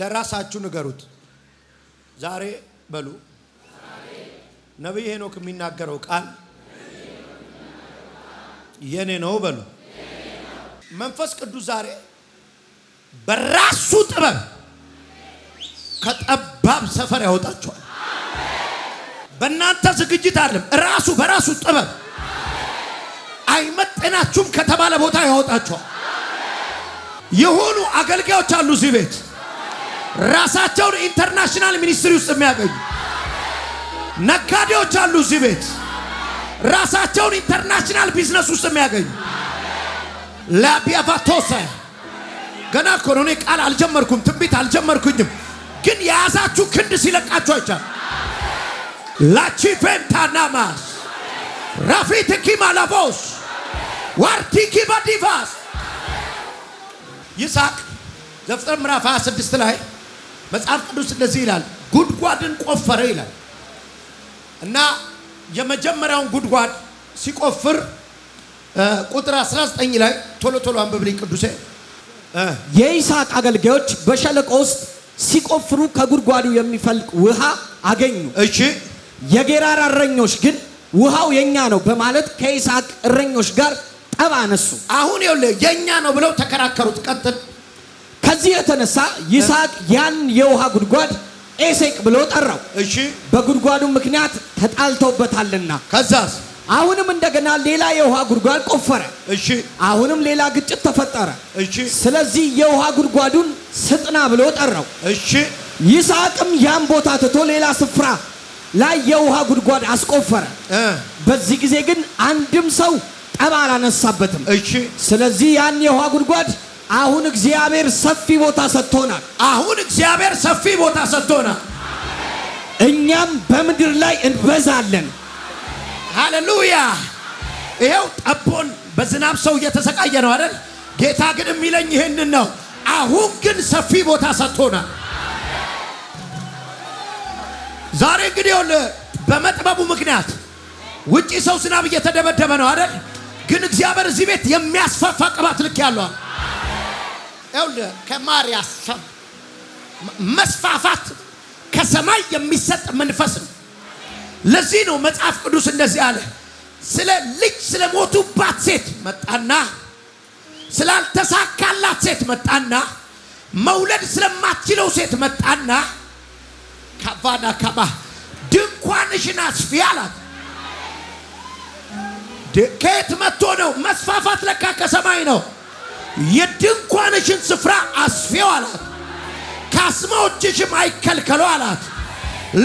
ለራሳችሁ ንገሩት። ዛሬ በሉ ነቢይ ሄኖክ የሚናገረው ቃል የኔ ነው በሉ። መንፈስ ቅዱስ ዛሬ በራሱ ጥበብ ከጠባብ ሰፈር ያወጣችኋል። በእናንተ ዝግጅት አለም ራሱ በራሱ ጥበብ አይመጠናችሁም ከተባለ ቦታ ያወጣችኋል። የሆኑ አገልጋዮች አሉ እዚህ ቤት ራሳቸውን ኢንተርናሽናል ሚኒስትሪ ውስጥ የሚያገኙ ነጋዴዎች አሉ። እዚህ ቤት ራሳቸውን ኢንተርናሽናል ቢዝነስ ውስጥ የሚያገኙ ላቢያቫቶሰ ገና እኮ ነው። እኔ ቃል አልጀመርኩም፣ ትንቢት አልጀመርኩኝም፣ ግን የያዛችሁ ክንድ ሲለቃችሁ አይቻል ላቺቬንታናማስ ራፊትኪማላቮስ ዋርቲኪባዲቫስ ይስሐቅ ዘፍጥረት ምዕራፍ 26 ላይ መጽሐፍ ቅዱስ እንደዚህ ይላል፣ ጉድጓድን ቆፈረ ይላል እና የመጀመሪያውን ጉድጓድ ሲቆፍር ቁጥር 19 ላይ ቶሎ ቶሎ አንብብልኝ ቅዱሴ። የይስሐቅ አገልጋዮች በሸለቆ ውስጥ ሲቆፍሩ ከጉድጓዱ የሚፈልቅ ውሃ አገኙ። እሺ፣ የጌራራ እረኞች ግን ውሃው የኛ ነው በማለት ከይስሐቅ እረኞች ጋር ጠብ አነሱ። አሁን የኛ ነው ብለው ተከራከሩት። ቀጥል ከዚህ የተነሳ ይስሐቅ ያን የውሃ ጉድጓድ ኤሴቅ ብሎ ጠራው። እሺ፣ በጉድጓዱ ምክንያት ተጣልተውበታልና። ከዛስ አሁንም እንደገና ሌላ የውሃ ጉድጓድ ቆፈረ። እሺ፣ አሁንም ሌላ ግጭት ተፈጠረ። እሺ፣ ስለዚህ የውሃ ጉድጓዱን ስጥና ብሎ ጠራው። እሺ፣ ይስሐቅም ያን ቦታ ትቶ ሌላ ስፍራ ላይ የውሃ ጉድጓድ አስቆፈረ። በዚህ ጊዜ ግን አንድም ሰው ጠብ አላነሳበትም። እሺ፣ ስለዚህ ያን የውሃ ጉድጓድ አሁን እግዚአብሔር ሰፊ ቦታ ሰጥቶናል። አሁን እግዚአብሔር ሰፊ ቦታ ሰጥቶናል። እኛም በምድር ላይ እንበዛለን። ሃሌሉያ! ይኸው ጠቦን በዝናብ ሰው እየተሰቃየ ነው አይደል? ጌታ ግን የሚለኝ ይህንን ነው። አሁን ግን ሰፊ ቦታ ሰጥቶናል። ዛሬ እንግዲህ በመጥበቡ ምክንያት ውጪ ሰው ዝናብ እየተደበደበ ነው አይደል? ግን እግዚአብሔር እዚህ ቤት የሚያስፋፋ ቅባት ልክ ያለዋል። ይኸውልህ ከማር መስፋፋት ከሰማይ የሚሰጥ መንፈስ ነው። ለዚህ ነው መጽሐፍ ቅዱስ እንደዚህ አለ። ስለ ልጅ ስለ ሴት መጣና ስላልተሳካላት ሴት መጣና መውለድ ስለማትችለው ሴት መጣና ካባና ካባ ድንኳንሽን አስፊ አላት። ከየት መጥቶ ነው? መስፋፋት ለካ ከሰማይ ነው። የድንኳንሽን ስፍራ አስፌው አላት። ካስማዎችሽም አይከልከሉ አላት።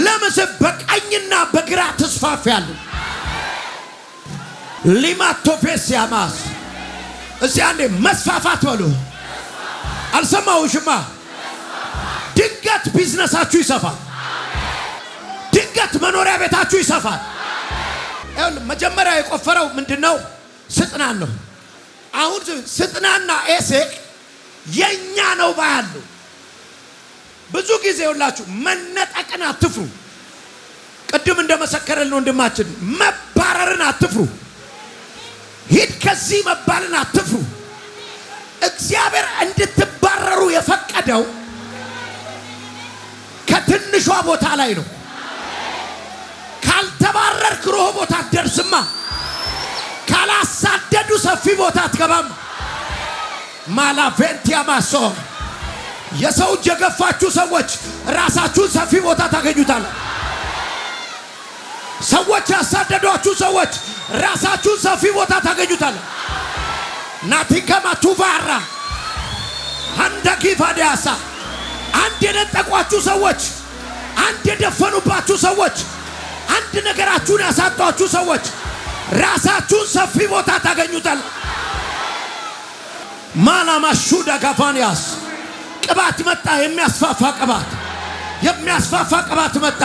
ለምስብ በቀኝና በግራ ትስፋፊያለሽ። ሊማቶፌስ ያማስ እዚ አንዴ መስፋፋት በሉ። አልሰማሁሽማ። ድንገት ቢዝነሳችሁ ይሰፋል። ድንገት መኖሪያ ቤታችሁ ይሰፋል። መጀመሪያ የቆፈረው ምንድን ነው? ስጥናን ነው። አሁን ስጥናና ኤሴቅ የኛ ነው ባያሉ ብዙ ጊዜ ሁላችሁ መነጠቅን አትፍሩ። ቅድም እንደመሰከረልን ወንድማችን መባረርን አትፍሩ። ሂድ ከዚህ መባልን አትፍሩ። እግዚአብሔር እንድትባረሩ የፈቀደው ከትንሿ ቦታ ላይ ነው። ካልተባረርክ ሮሆ ቦታ አትደርስማ። ካላሳደዱ ሰፊ ቦታ አትገባም። ማላቬንቲያ ማሶ የሰው እጅ የገፋችሁ ሰዎች ራሳችሁን ሰፊ ቦታ ታገኙታል። ሰዎች ያሳደዷችሁ ሰዎች ራሳችሁን ሰፊ ቦታ ታገኙታል። ናቲከማቱቫራ አንደኪፋዲያሳ አንድ የነጠቋችሁ ሰዎች፣ አንድ የደፈኑባችሁ ሰዎች፣ አንድ ነገራችሁን ያሳጧችሁ ሰዎች ራሳችሁን ሰፊ ቦታ ታገኙታል። ማላማሹ ደጋፋን ያስ ቅባት መጣ። የሚያስፋፋ ቅባት የሚያስፋፋ ቅባት መጣ።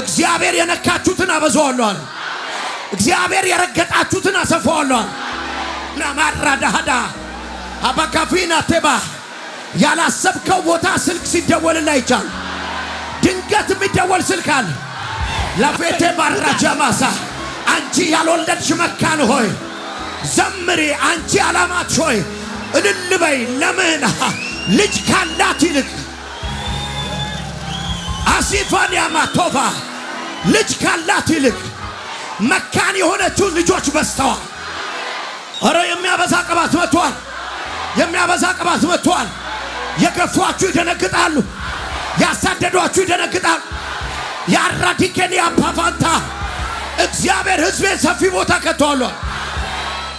እግዚአብሔር የነካችሁትን አበዛዋለኋል። እግዚአብሔር የረገጣችሁትን አሰፋዋለኋል። ናማራዳሃዳ አባካፊና ቴባ ያላሰብከው ቦታ ስልክ ሲደወልና ይቻል ድንገት የሚደወል ስልክ አለ። ላፌቴ ባራጃ ማሳ አንቺ ያልወለድሽ መካን ሆይ ዘምሪ፣ አንቺ አላማች ሆይ እልል በይ። ለምን ልጅ ካላት ይልቅ አሲፋንያማ ቶፋ ልጅ ካላት ይልቅ መካን የሆነችው ልጆች በስተዋል። እረ የሚያበዛ ቅባት መጥቷል። የሚያበዛ ቅባት መጥቷል። የገፏችሁ ይደነግጣሉ። ያሳደዷችሁ ይደነግጣሉ። የአራዲኬን ያፓፋንታ እግዚአብሔር ህዝቤን ሰፊ ቦታ ከቷሏል።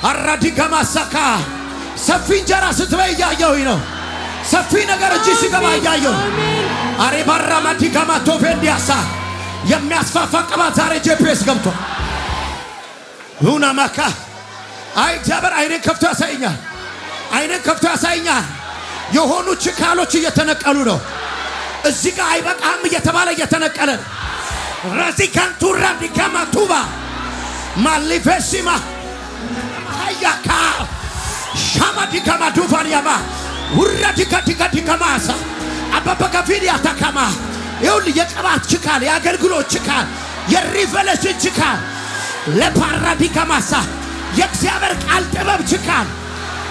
አራዲ ገማሳካ ሰፊ እንጀራ ስትበይ እያየሁኝ ነው። ሰፊ ነገር እጅ ሲገባ እያየሁ አሬ ባራ ማዲጋማ ቶፌ እንዲያሳ የሚያስፋፋ ቅባት ዛሬ ጄፒኤስ ገብቷል። ሁና ማካ አይ እግዚአብሔር አይኔን ከፍቶ ያሳይኛል። አይኔን ከፍቶ ያሳይኛል። የሆኑ ችካሎች እየተነቀሉ ነው። እዚህ ጋር አይበቃም እየተባለ እየተነቀለ ነው። razikantura dikamatuba malifesima hayaka shama dikamaduvariama ውራ ዲካ ዲካ ዲካ ማሳ የቅባት ችካል የአገልግሎት ችካል የሪቨሌሽን ችካል ለፓራ የእግዚአብሔር ቃል ጥበብ ችካል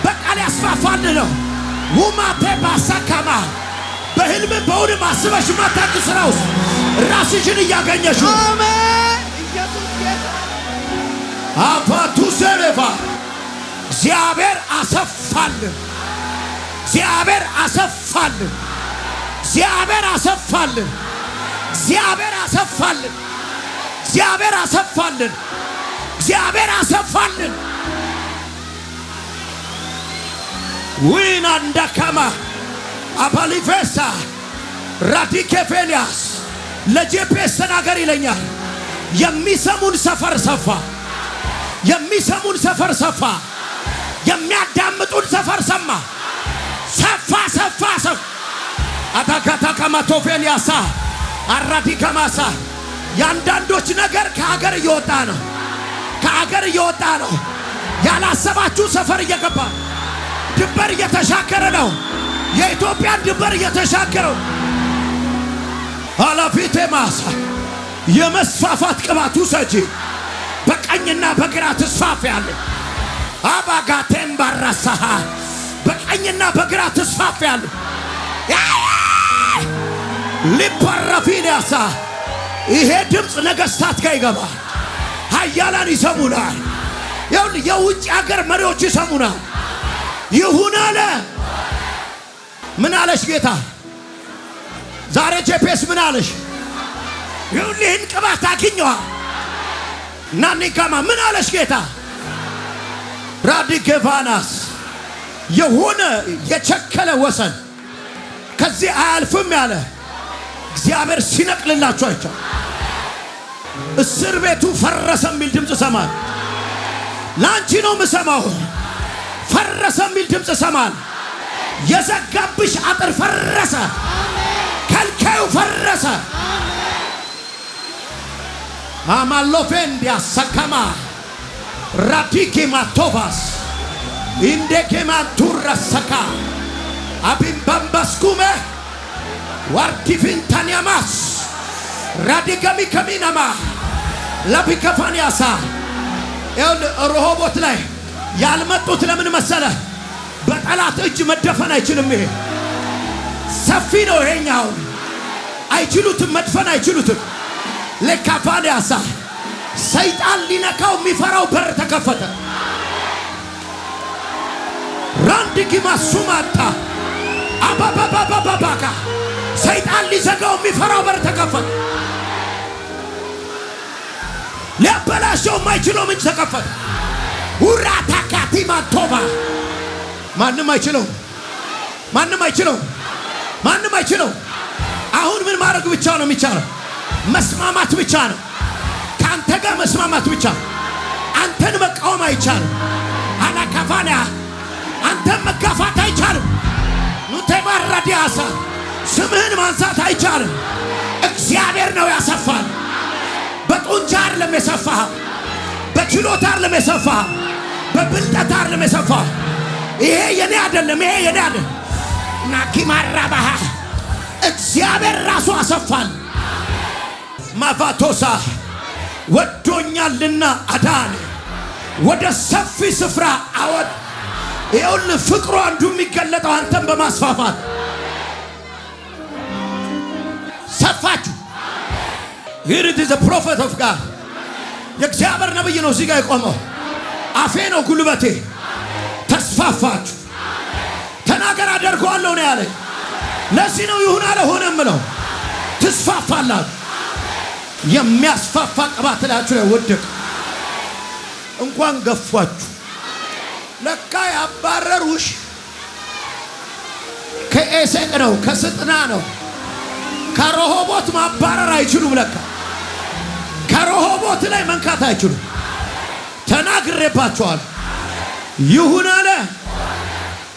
በቃል ያስፋፋን ነው። ውማቴ ባሳካማ በህልም በውንም አስበሽ ማታቅ ስራ ራስሽን እያገኘሽ አባቱ ሰለፋ እግዚአብሔር አሰፋልን፣ እግዚአብሔር አሰፋልን፣ እግዚአብሔር አሰፋልን፣ እግዚአብሔር አሰፋልን፣ እግዚአብሔር አሰፋልን፣ እግዚአብሔር አሰፋልን። ዊን አንዳከማ አባሊፌሳ ራዲኬፌልያስ ለጄፒኤስ ተናገር ይለኛል። የሚሰሙን ሰፈር ሰፋ፣ የሚሰሙን ሰፈር ሰፋ፣ የሚያዳምጡን ሰፈር ሰማ፣ ሰፋ፣ ሰፋ፣ ሰፋ። አታካታ ከማቶፌን ያሳ አራዲ ከማሳ የአንዳንዶች ነገር ከአገር እየወጣ ነው፣ ከአገር እየወጣ ነው። ያላሰባችሁ ሰፈር እየገባ ድንበር እየተሻገረ ነው። የኢትዮጵያን ድንበር እየተሻገረው አላፊቴ ማሳ የመስፋፋት ቅባት ውሰጂ። በቀኝና በግራ ትስፋፍ ያለ አባጋቴን ባራሳሃ በቀኝና በግራ ትስፋፍ ያለ ሊፓራፊን ይሄ ድምፅ ነገሥታት ጋር ይገባል። ኃያላን ይሰሙናል። ይሁን የውጭ አገር መሪዎች ይሰሙናል። ይሁን አለ ምን አለሽ ጌታ ዛሬ ጄፔስ ምን አለሽ? ይሁን ቅባት አግኘዋ ናኒካማ ምን አለሽ ጌታ ራዲጌቫናስ የሆነ የቸከለ ወሰን ከዚህ አያልፍም ያለ እግዚአብሔር ሲነቅልላቸው አይቻል። እስር ቤቱ ፈረሰ የሚል ድምፅ ሰማል። ለአንቺ ነው ምሰማው። ፈረሰ የሚል ድምፅ ሰማል። የዘጋብሽ አጥር ፈረሰ። ከልካዩ ፈረሰ። ማማሎፌንዲያ ሰከማ ራቲኪ ማቶቫስ ኢንዴኬማንቱረሰካ አቢምባምበስኩሜ ዋርቲፊንታንያማስ ራዲገሚ ከሚነማ ለቢከፋንያሳ ሮሆቦት ላይ ያልመጡት ለምን መሰለ? በጠላት እጅ መደፈን አይችልም። ይሄ ሰፊ ነው ይሄኛው አይችሉትም፣ መድፈን አይችሉትም። ለካፋን ያሳ ሰይጣን ሊነካው የሚፈራው በር ተከፈተ። ራንድ ጊማ ሱማጣ አባባባባባካ ሰይጣን ሊዘጋው የሚፈራው በር ተከፈተ። ሊያበላሸው የማይችለው ምንጭ ተከፈተ። ውራ ታካቲ ማቶባ ማንም አይችለው፣ ማንም አይችለው፣ ማንም አይችለው አሁን ምን ማድረግ ብቻ ነው የሚቻለው? መስማማት ብቻ ነው። ከአንተ ጋር መስማማት ብቻ አንተን መቃወም አይቻልም። አላካፋና አንተን መጋፋት አይቻልም። ኑቴ ማራዲያሳ ስምህን ማንሳት አይቻልም። እግዚአብሔር ነው ያሰፋል። በጡንቻ አይደለም የሰፋህ፣ በችሎታ አይደለም የሰፋህ፣ በብልጠት አይደለም የሰፋህ። ይሄ የኔ አይደለም፣ ይሄ የኔ አይደለም ናኪማራባሃ እግዚአብሔር ራሱ አሰፋን። ማቫቶሳ ወዶኛልና አዳን ወደ ሰፊ ስፍራ አወድ ይሁን ፍቅሩ አንዱ የሚገለጠው አንተን በማስፋፋት ሰፋችሁ። ሂር ኢት ኢዝ ፕሮፌት ኦፍ ጋድ የእግዚአብሔር ነብይ ነው እዚህ ጋር የቆመው አፌ ነው ጉልበቴ። ተስፋፋችሁ። ተናገር አደርገዋለሁ ነው ያለኝ። ለዚህ ነው ይሁን አለሆነ ምለው ትስፋፋላት። የሚያስፋፋ ቅባት ላችሁ ላይ ወደቅ። እንኳን ገፏችሁ። ለካ ያባረሩሽ ከኤሴቅ ነው፣ ከስጥና ነው። ከረሆቦት ማባረር አይችሉም። ለካ ከረሆቦት ላይ መንካት አይችሉም። ተናግሬባቸዋል። ይሁን አለ